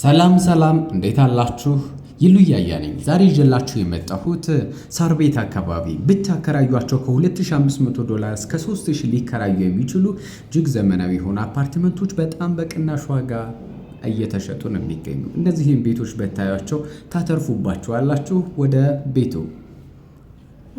ሰላም ሰላም፣ እንዴት አላችሁ? ይሉያያ ነኝ። ዛሬ ይዤላችሁ የመጣሁት ሳር ቤት አካባቢ ብታከራዩቸው ከ2500 ዶላር እስከ 3000 ሊከራዩ የሚችሉ እጅግ ዘመናዊ የሆኑ አፓርትመንቶች በጣም በቅናሽ ዋጋ እየተሸጡ ነው የሚገኙ። እነዚህም ቤቶች በታያቸው ታተርፉባቸዋላችሁ ወደ ቤቱ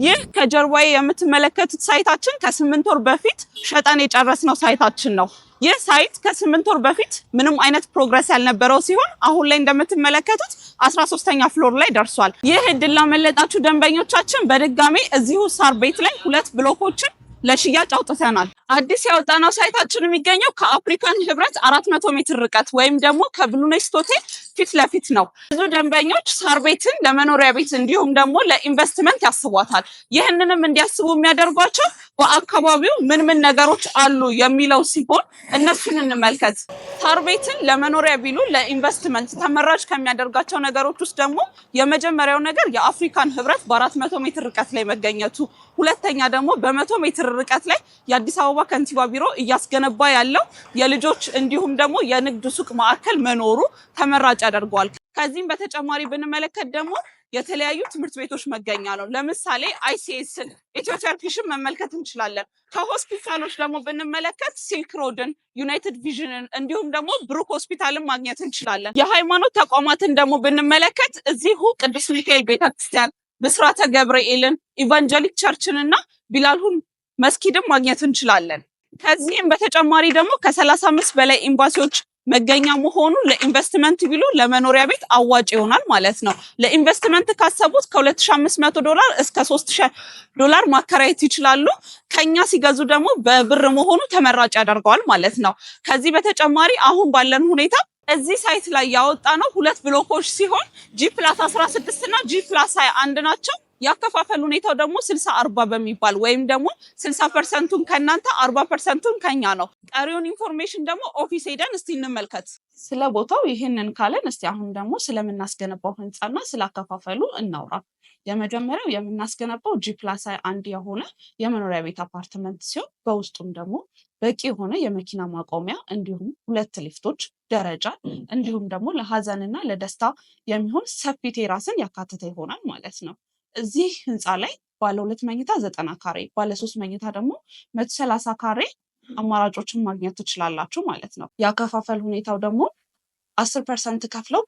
ይህ ከጀርባዬ የምትመለከቱት ሳይታችን ከስምንት ወር በፊት ሸጠን የጨረስነው ሳይታችን ነው። ይህ ሳይት ከስምንት ወር በፊት ምንም አይነት ፕሮግረስ ያልነበረው ሲሆን አሁን ላይ እንደምትመለከቱት አስራ ሶስተኛ ፍሎር ላይ ደርሷል። ይህ እድል ላመለጣችሁ ደንበኞቻችን በድጋሜ እዚሁ ሳር ቤት ላይ ሁለት ብሎኮችን ለሽያጭ አውጥተናል። አዲስ ያወጣነው ሳይታችን የሚገኘው ከአፍሪካን ህብረት አራት መቶ ሜትር ርቀት ወይም ደግሞ ከብሉኔስት ሆቴል ፊት ለፊት ነው። ብዙ ደንበኞች ሳር ቤትን ለመኖሪያ ቤት እንዲሁም ደግሞ ለኢንቨስትመንት ያስቧታል። ይህንንም እንዲያስቡ የሚያደርጓቸው በአካባቢው ምን ምን ነገሮች አሉ የሚለው ሲሆን እነሱን እንመልከት። ሳር ቤትን ለመኖሪያ ቢሉ ለኢንቨስትመንት ተመራጭ ከሚያደርጋቸው ነገሮች ውስጥ ደግሞ የመጀመሪያው ነገር የአፍሪካን ህብረት በአራት መቶ ሜትር ርቀት ላይ መገኘቱ፣ ሁለተኛ ደግሞ በመቶ ሜትር ርቀት ላይ የአዲስ አበባ ከንቲባ ቢሮ እያስገነባ ያለው የልጆች እንዲሁም ደግሞ የንግድ ሱቅ ማዕከል መኖሩ ተመራጭ ያደርገዋል። ከዚህም በተጨማሪ ብንመለከት ደግሞ የተለያዩ ትምህርት ቤቶች መገኛ ነው። ለምሳሌ አይሲኤስን ኢትዮ ተርኪሽን መመልከት እንችላለን። ከሆስፒታሎች ደግሞ ብንመለከት ሲልክ ሮድን፣ ዩናይትድ ቪዥንን እንዲሁም ደግሞ ብሩክ ሆስፒታልን ማግኘት እንችላለን። የሃይማኖት ተቋማትን ደግሞ ብንመለከት እዚሁ ቅዱስ ሚካኤል ቤተክርስቲያን፣ ብስራተ ገብርኤልን፣ ኢቫንጀሊክ ቸርችን እና ቢላልሁን መስኪድን ማግኘት እንችላለን። ከዚህም በተጨማሪ ደግሞ ከሰላሳ አምስት በላይ ኤምባሲዎች መገኛ መሆኑን ለኢንቨስትመንት ቢሉ ለመኖሪያ ቤት አዋጭ ይሆናል ማለት ነው። ለኢንቨስትመንት ካሰቡት ከ2500 ዶላር እስከ 3000 ዶላር ማከራየት ይችላሉ። ከኛ ሲገዙ ደግሞ በብር መሆኑ ተመራጭ ያደርገዋል ማለት ነው። ከዚህ በተጨማሪ አሁን ባለን ሁኔታ እዚህ ሳይት ላይ ያወጣ ነው ሁለት ብሎኮች ሲሆን ጂ ፕላስ 16 እና ጂ ፕላስ 21 ናቸው። ያከፋፈል ሁኔታው ደግሞ ስልሳ አርባ በሚባል ወይም ደግሞ ስልሳ ፐርሰንቱን ከእናንተ አርባ ፐርሰንቱን ከኛ ነው። ቀሪውን ኢንፎርሜሽን ደግሞ ኦፊስ ሄደን እስቲ እንመልከት። ስለ ቦታው ይህንን ካለን እስቲ አሁን ደግሞ ስለምናስገነባው ህንፃና ስላከፋፈሉ እናውራ። የመጀመሪያው የምናስገነባው ጂ ፕላስ አንድ የሆነ የመኖሪያ ቤት አፓርትመንት ሲሆን በውስጡም ደግሞ በቂ የሆነ የመኪና ማቆሚያ እንዲሁም ሁለት ሊፍቶች፣ ደረጃ እንዲሁም ደግሞ ለሀዘንና ለደስታ የሚሆን ሰፊ ቴራስን ያካተተ ይሆናል ማለት ነው። እዚህ ህንፃ ላይ ባለ ሁለት መኝታ ዘጠና ካሬ ባለ ሶስት መኝታ ደግሞ መቶ ሰላሳ ካሬ አማራጮችን ማግኘት ትችላላችሁ ማለት ነው። የአከፋፈል ሁኔታው ደግሞ አስር ፐርሰንት ከፍለው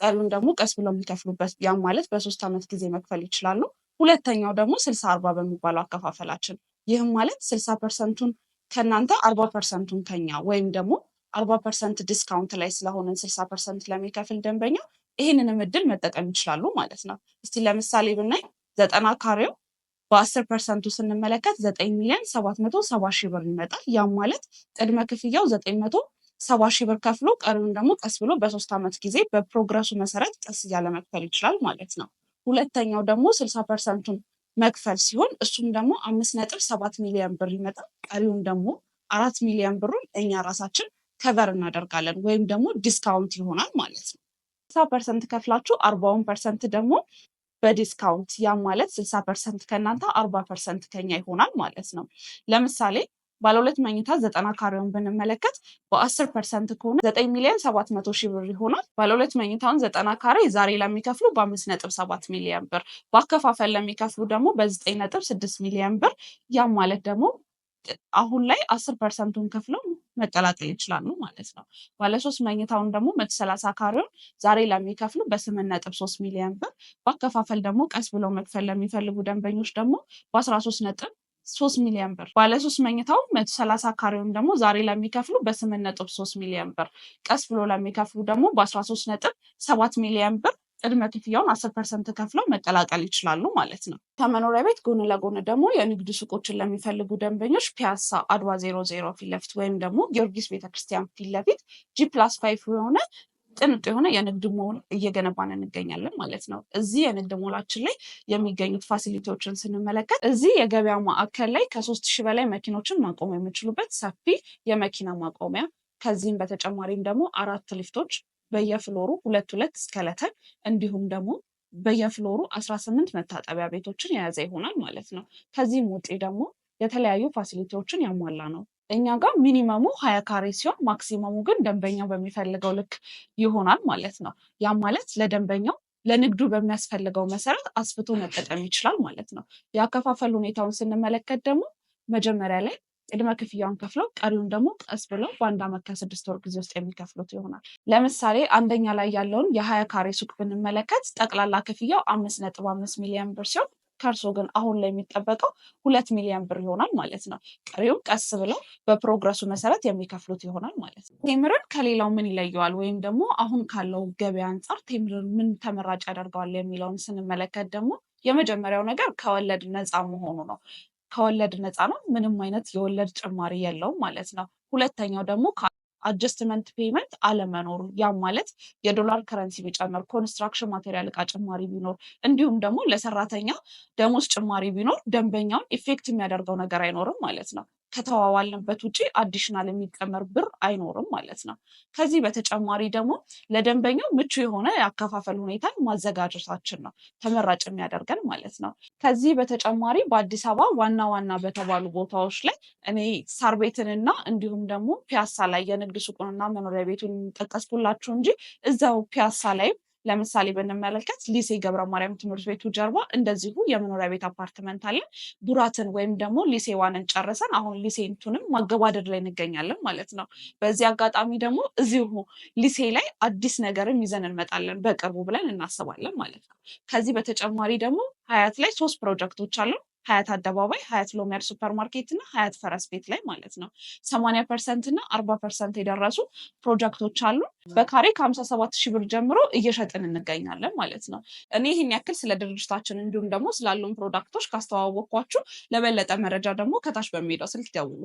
ቀሉን ደግሞ ቀስ ብለው የሚከፍሉበት ያም ማለት በሶስት ዓመት ጊዜ መክፈል ይችላሉ። ሁለተኛው ደግሞ ስልሳ አርባ በሚባለው አከፋፈላችን ይህም ማለት ስልሳ ፐርሰንቱን ከእናንተ አርባ ፐርሰንቱን ከኛ ወይም ደግሞ አርባ ፐርሰንት ዲስካውንት ላይ ስለሆነን ስልሳ ፐርሰንት ለሚከፍል ደንበኛ ይህንንም እድል መጠቀም ይችላሉ ማለት ነው። እስቲ ለምሳሌ ብናይ ዘጠና ካሬው በአስር ፐርሰንቱ ስንመለከት ዘጠኝ ሚሊዮን ሰባት መቶ ሰባ ሺህ ብር ይመጣል። ያም ማለት ቅድመ ክፍያው ዘጠኝ መቶ ሰባ ሺህ ብር ከፍሎ ቀሪውን ደግሞ ቀስ ብሎ በሶስት ዓመት ጊዜ በፕሮግረሱ መሰረት ቀስ እያለ መክፈል ይችላል ማለት ነው። ሁለተኛው ደግሞ ስልሳ ፐርሰንቱን መክፈል ሲሆን እሱም ደግሞ አምስት ነጥብ ሰባት ሚሊዮን ብር ይመጣል። ቀሪውን ደግሞ አራት ሚሊዮን ብሩን እኛ ራሳችን ከቨር እናደርጋለን ወይም ደግሞ ዲስካውንት ይሆናል ማለት ነው። ስልሳ ፐርሰንት ከፍላችሁ አርባውን ፐርሰንት ደግሞ በዲስካውንት ያም ማለት ስልሳ ፐርሰንት ከእናንተ አርባ ፐርሰንት ከኛ ይሆናል ማለት ነው። ለምሳሌ ባለ ሁለት መኝታ ዘጠና ካሬውን ብንመለከት በአስር ፐርሰንት ከሆነ ዘጠኝ ሚሊዮን ሰባት መቶ ሺህ ብር ይሆናል። ባለ ሁለት መኝታውን ዘጠና ካሬ ዛሬ ለሚከፍሉ በአምስት ነጥብ ሰባት ሚሊዮን ብር በአከፋፈል ለሚከፍሉ ደግሞ በዘጠኝ ነጥብ ስድስት ሚሊዮን ብር ያም ማለት ደግሞ አሁን ላይ አስር ፐርሰንቱን ከፍለው መቀላቀል ይችላሉ ማለት ነው። ባለሶስት መኝታውን ደግሞ መቶ ሰላሳ ካሬውን ዛሬ ለሚከፍሉ በስምንት ነጥብ ሶስት ሚሊዮን ብር በአከፋፈል ደግሞ ቀስ ብለው መክፈል ለሚፈልጉ ደንበኞች ደግሞ በአስራ ሶስት ነጥብ ሶስት ሚሊዮን ብር ባለሶስት መኝታው መቶ ሰላሳ ካሬውን ደግሞ ዛሬ ለሚከፍሉ በስምንት ነጥብ ሶስት ሚሊዮን ብር ቀስ ብሎ ለሚከፍሉ ደግሞ በአስራ ሶስት ነጥብ ሰባት ሚሊዮን ብር ቅድመ ክፍያውን አስር ፐርሰንት ከፍለው መቀላቀል ይችላሉ ማለት ነው። ከመኖሪያ ቤት ጎን ለጎን ደግሞ የንግድ ሱቆችን ለሚፈልጉ ደንበኞች ፒያሳ አድዋ ዜሮ ዜሮ ፊት ለፊት ወይም ደግሞ ጊዮርጊስ ቤተክርስቲያን ፊት ለፊት ጂ ፕላስ ፋይቭ የሆነ ጥንጡ የሆነ የንግድ ሞል እየገነባን እንገኛለን ማለት ነው። እዚህ የንግድ ሞላችን ላይ የሚገኙት ፋሲሊቲዎችን ስንመለከት እዚህ የገበያ ማዕከል ላይ ከሶስት ሺህ በላይ መኪኖችን ማቆም የሚችሉበት ሰፊ የመኪና ማቆሚያ ከዚህም በተጨማሪም ደግሞ አራት ሊፍቶች በየፍሎሩ ሁለት ሁለት እስከለተር እንዲሁም ደግሞ በየፍሎሩ አስራ ስምንት መታጠቢያ ቤቶችን የያዘ ይሆናል ማለት ነው። ከዚህም ውጪ ደግሞ የተለያዩ ፋሲሊቲዎችን ያሟላ ነው። እኛ ጋር ሚኒመሙ ሀያ ካሬ ሲሆን ማክሲመሙ ግን ደንበኛው በሚፈልገው ልክ ይሆናል ማለት ነው። ያም ማለት ለደንበኛው ለንግዱ በሚያስፈልገው መሰረት አስፍቶ መጠቀም ይችላል ማለት ነው። የአከፋፈል ሁኔታውን ስንመለከት ደግሞ መጀመሪያ ላይ ቅድመ ክፍያውን ከፍለው ቀሪውን ደግሞ ቀስ ብለው በአንድ ዓመት ከስድስት ወር ጊዜ ውስጥ የሚከፍሉት ይሆናል። ለምሳሌ አንደኛ ላይ ያለውን የሀያ ካሬ ሱቅ ብንመለከት ጠቅላላ ክፍያው አምስት ነጥብ አምስት ሚሊዮን ብር ሲሆን ከእርሶ ግን አሁን ላይ የሚጠበቀው ሁለት ሚሊዮን ብር ይሆናል ማለት ነው። ቀሪውም ቀስ ብለው በፕሮግረሱ መሰረት የሚከፍሉት ይሆናል ማለት ነው። ቴምርን ከሌላው ምን ይለየዋል ወይም ደግሞ አሁን ካለው ገበያ አንጻር ቴምርን ምን ተመራጭ ያደርገዋል የሚለውን ስንመለከት ደግሞ የመጀመሪያው ነገር ከወለድ ነፃ መሆኑ ነው። ከወለድ ነፃ ነው። ምንም አይነት የወለድ ጭማሪ የለውም ማለት ነው። ሁለተኛው ደግሞ አጀስትመንት ፔመንት አለመኖሩ ያም ማለት የዶላር ከረንሲ ቢጨምር፣ ኮንስትራክሽን ማቴሪያል እቃ ጭማሪ ቢኖር፣ እንዲሁም ደግሞ ለሰራተኛ ደሞዝ ጭማሪ ቢኖር ደንበኛውን ኢፌክት የሚያደርገው ነገር አይኖርም ማለት ነው። ከተዋዋልንበት ውጭ አዲሽናል የሚቀመር ብር አይኖርም ማለት ነው። ከዚህ በተጨማሪ ደግሞ ለደንበኛው ምቹ የሆነ የአከፋፈል ሁኔታን ማዘጋጀታችን ነው ተመራጭ የሚያደርገን ማለት ነው። ከዚህ በተጨማሪ በአዲስ አበባ ዋና ዋና በተባሉ ቦታዎች ላይ እኔ ሳር ቤትንና እንዲሁም ደግሞ ፒያሳ ላይ የንግድ ሱቁንና መኖሪያ ቤቱን ጠቀስኩላችሁ እንጂ እዛው ፒያሳ ላይም ለምሳሌ ብንመለከት ሊሴ ገብረ ማርያም ትምህርት ቤቱ ጀርባ እንደዚሁ የመኖሪያ ቤት አፓርትመንት አለን። ቡራትን ወይም ደግሞ ሊሴ ዋንን ጨርሰን አሁን ሊሴንቱንም ማገባደድ ላይ እንገኛለን ማለት ነው። በዚህ አጋጣሚ ደግሞ እዚሁ ሊሴ ላይ አዲስ ነገርም ይዘን እንመጣለን በቅርቡ ብለን እናስባለን ማለት ነው። ከዚህ በተጨማሪ ደግሞ ሀያት ላይ ሶስት ፕሮጀክቶች አሉ። ሀያት አደባባይ፣ ሀያት ሎሚያድ ሱፐር ማርኬት እና ሀያት ፈረስ ቤት ላይ ማለት ነው። ሰማኒያ ፐርሰንት እና አርባ ፐርሰንት የደረሱ ፕሮጀክቶች አሉ። በካሬ ከሀምሳ ሰባት ሺህ ብር ጀምሮ እየሸጥን እንገኛለን ማለት ነው። እኔ ይህን ያክል ስለ ድርጅታችን እንዲሁም ደግሞ ስላሉን ፕሮዳክቶች ካስተዋወቅኳችሁ፣ ለበለጠ መረጃ ደግሞ ከታች በሚሄደው ስልክ ደውሉ።